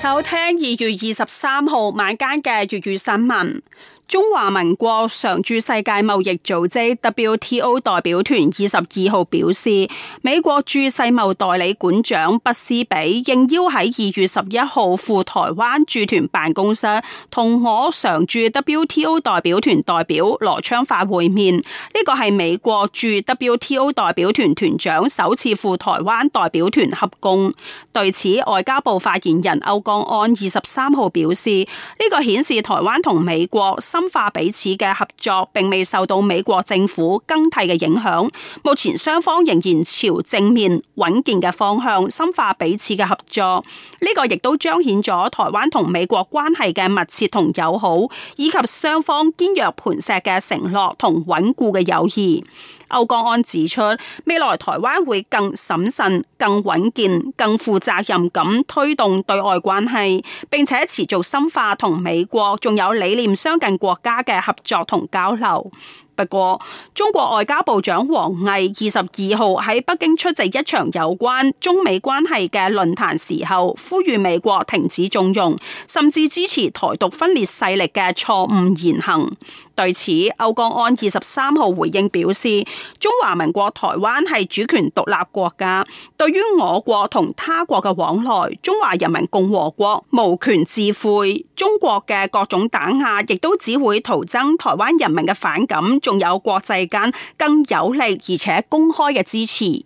收聽二月二十三號晚間嘅粵語新聞。中華民國常駐世界貿易組織 WTO 代表團二十二號表示，美國駐世貿代理館長畢斯比應邀喺二月十一號赴台灣駐團辦公室，同我常駐 WTO 代表團代表羅昌發會面。呢個係美國駐 WTO 代表團團長首次赴台灣代表團合共。對此，外交部發言人歐江安二十三號表示，呢、這個顯示台灣同美國深化彼此嘅合作，並未受到美國政府更替嘅影響。目前雙方仍然朝正面穩健嘅方向深化彼此嘅合作，呢、這個亦都彰顯咗台灣同美國關係嘅密切同友好，以及雙方堅若磐石嘅承諾同穩固嘅友誼。歐江安指出，未來台灣會更審慎、更穩健、更負責任咁推動對外關係，並且持續深化同美國仲有理念相近國家嘅合作同交流。不過，中國外交部長王毅二十二號喺北京出席一場有關中美關係嘅論壇時候，呼籲美國停止縱容甚至支持台獨分裂勢力嘅錯誤言行。對此，歐江安二十三號回應表示：中華民國台灣係主權獨立國家，對於我國同他國嘅往來，中華人民共和國無權置喙。中國嘅各種打壓，亦都只會徒增台灣人民嘅反感。仲有國際間更有利而且公開嘅支持。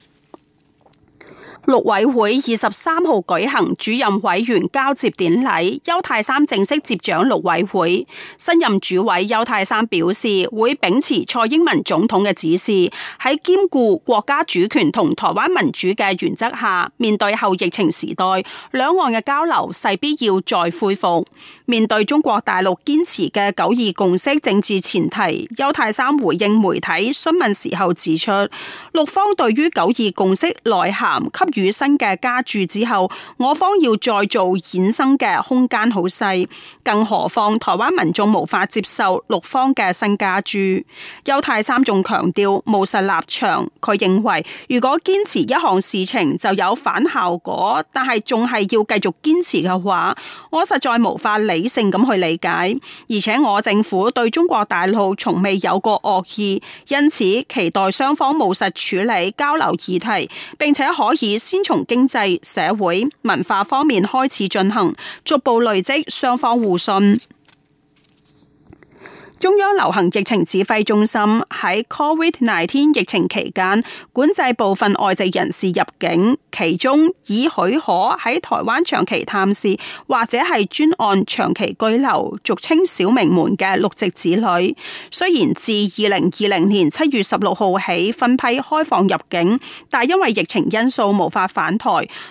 陸委會二十三號舉行主任委員交接典禮，邱太三正式接掌陸委會。新任主委邱太三表示，會秉持蔡英文總統嘅指示，喺兼顧國家主權同台灣民主嘅原則下，面對後疫情時代，兩岸嘅交流勢必要再恢復。面對中國大陸堅持嘅九二共識政治前提，邱太三回應媒體詢問時候指出，陸方對於九二共識內涵與新嘅加注之後，我方要再做衍生嘅空間好細，更何況台灣民眾無法接受陸方嘅新加注。邱太三仲強調務實立場，佢認為如果堅持一項事情就有反效果，但係仲係要繼續堅持嘅話，我實在無法理性咁去理解。而且我政府對中國大陸從未有過惡意，因此期待雙方務實處理交流議題，並且可以。先從經濟、社會、文化方面開始進行，逐步累積雙方互信。中央流行疫情指揮中心喺 Covid 廿天疫情期間管制部分外籍人士入境，其中以許可喺台灣長期探視或者係專案長期居留，俗稱小名門嘅六籍子女，雖然自二零二零年七月十六號起分批開放入境，但因為疫情因素無法返台，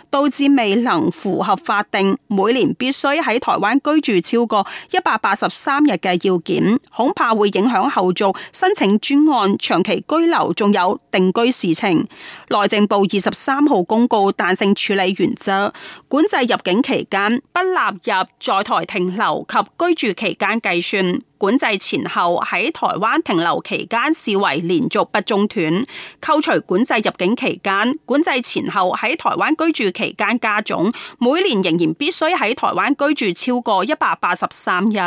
導致未能符合法定每年必須喺台灣居住超過一百八十三日嘅要件。恐怕會影響後續申請專案、長期居留，仲有定居事情。內政部二十三號公告，彈性處理原則，管制入境期間不納入在台停留及居住期間計算。管制前後喺台灣停留期間視為連續不中斷，扣除管制入境期間，管制前後喺台灣居住期間加總，每年仍然必須喺台灣居住超過一百八十三日。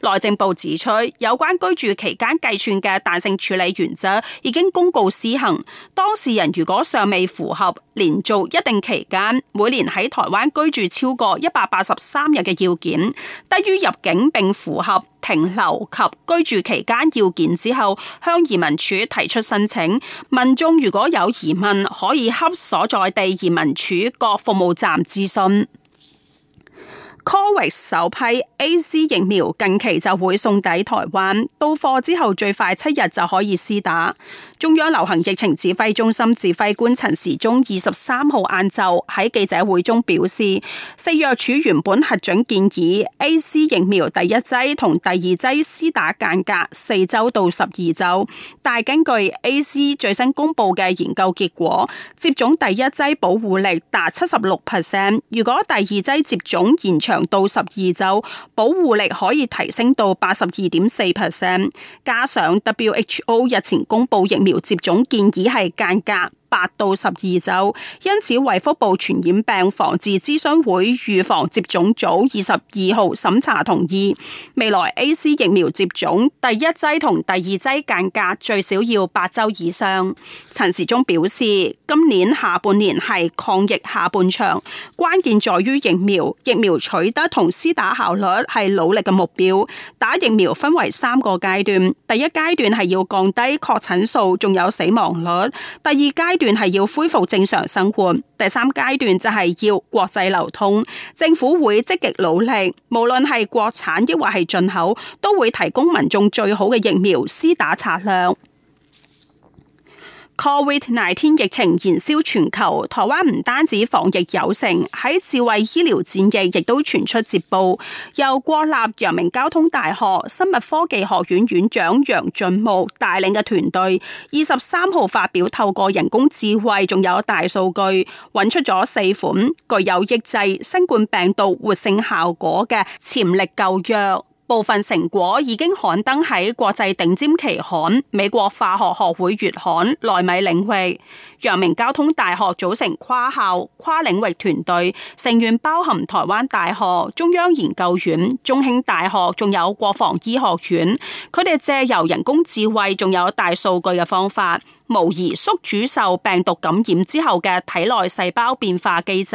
內政部指出，有關居住期間計算嘅彈性處理原則已經公告施行，當事人如果尚未符合連續一定期間每年喺台灣居住超過一百八十三日嘅要件，得於入境並符合停留。及居住期間要件之後，向移民署提出申請。民眾如果有疑問，可以洽所在地移民署各服務站諮詢。COVID 首批 AZ 疫苗近期就會送抵台灣，到貨之後最快七日就可以施打。中央流行疫情指揮中心指揮官陳時中二十三號晏晝喺記者會中表示，食藥署原本核准建議 A Z 疫苗第一劑同第二劑施打間隔四週到十二週，但根據 A Z 最新公布嘅研究結果，接種第一劑保護力達七十六 percent，如果第二劑接種延長到十二週，保護力可以提升到八十二點四 percent，加上 W H O 日前公布疫苗接種建議係間隔八到十二周，因此衛福部傳染病防治諮詢會預防接種組二十二號審查同意，未來 AZ 疫苗接種第一劑同第二劑間隔最少要八周以上。陳時中表示，今年下半年係抗疫下半場，關鍵在於疫苗。疫苗取得同施打效率係努力嘅目標。打疫苗分為三個階段，第一階段係要降低確診數，仲有死亡率。第二階段係要恢復正常生活，第三階段就係要國際流通。政府會積極努力，無論係國產抑或係進口，都會提供民眾最好嘅疫苗施打策略。Covid 19疫情燃燒全球，台灣唔單止防疫有成，喺智慧醫療戰役亦都傳出捷報。由國立陽明交通大學生物科技學院院長楊俊武帶領嘅團隊，二十三號發表透過人工智慧，仲有大數據，揾出咗四款具有抑制新冠病毒活性效果嘅潛力舊藥。部分成果已經刊登喺國際頂尖期刊《美國化學學會月刊》奈米領域。陽明交通大學組成跨校跨領域團隊成員包含台灣大學、中央研究院、中興大學仲有國防醫學院。佢哋借由人工智慧，仲有大數據嘅方法。模擬宿主受病毒感染之後嘅體內細胞變化機制，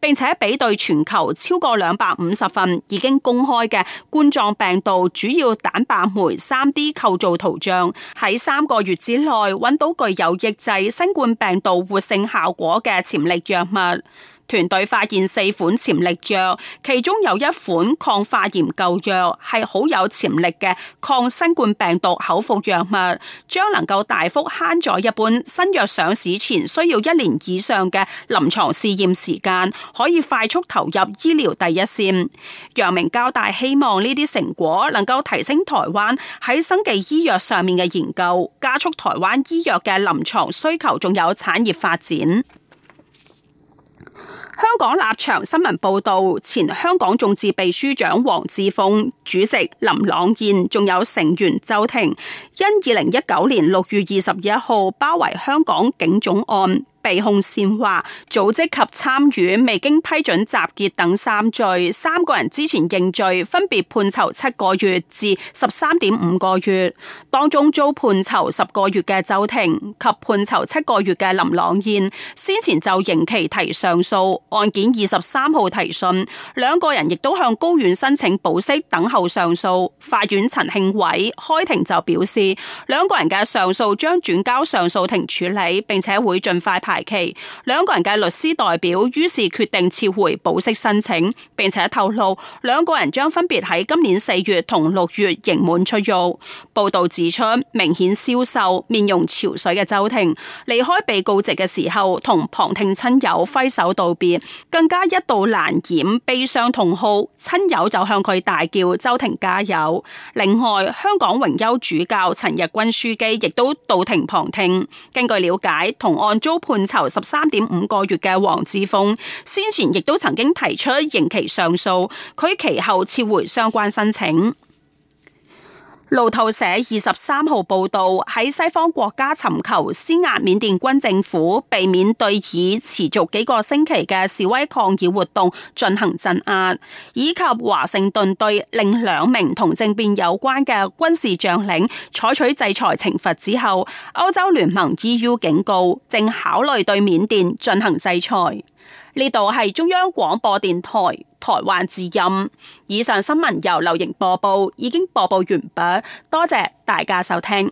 並且比對全球超過兩百五十份已經公開嘅冠狀病毒主要蛋白酶三 D 構造圖像，喺三個月之內揾到具有抑制新冠病毒活性效果嘅潛力藥物。團隊發現四款潛力藥，其中有一款抗發炎舊藥係好有潛力嘅抗新冠病毒口服藥物，將能夠大幅慳咗一半新藥上市前需要一年以上嘅臨床試驗時間，可以快速投入醫療第一線。陽明交大希望呢啲成果能夠提升台灣喺生技醫藥上面嘅研究，加速台灣醫藥嘅臨床需求，仲有產業發展。香港立場新聞報道，前香港眾志秘書長黃之鋒、主席林朗彥，仲有成員周庭，因二零一九年六月二十一號包圍香港警總案。被控煽惑、組織及參與未經批准集結等三罪，三個人之前認罪，分別判囚七個月至十三點五個月，當中遭判囚十個月嘅周庭及判囚七個月嘅林朗彥，先前就刑期提上訴，案件二十三號提訊，兩個人亦都向高院申請保釋等候上訴。法院陳慶偉開庭就表示，兩個人嘅上訴將轉交上訴庭處理，並且會儘快。排期，兩個人嘅律師代表於是決定撤回保釋申請，並且透露兩個人將分別喺今年四月同六月刑滿出獄。報道指出，明顯消瘦、面容憔悴嘅周庭離開被告席嘅時候，同旁聽親友揮手道別，更加一度難掩悲傷痛哭。親友就向佢大叫：周庭加油！另外，香港榮休主教陳日君樞機亦都到庭旁聽。根據了解，同案遭判。欠籌十三點五個月嘅黃之鋒，先前亦都曾經提出刑期上訴，佢其後撤回相關申請。路透社二十三號報道，喺西方國家尋求施壓緬甸軍政府，避免對已持續幾個星期嘅示威抗議活動進行鎮壓，以及華盛頓對另兩名同政變有關嘅軍事將領採取制裁懲罰之後，歐洲聯盟 EU 警告，正考慮對緬甸進行制裁。呢度係中央廣播電台台灣之音。以上新聞由劉瑩播報，已經播報完畢，多謝大家收聽。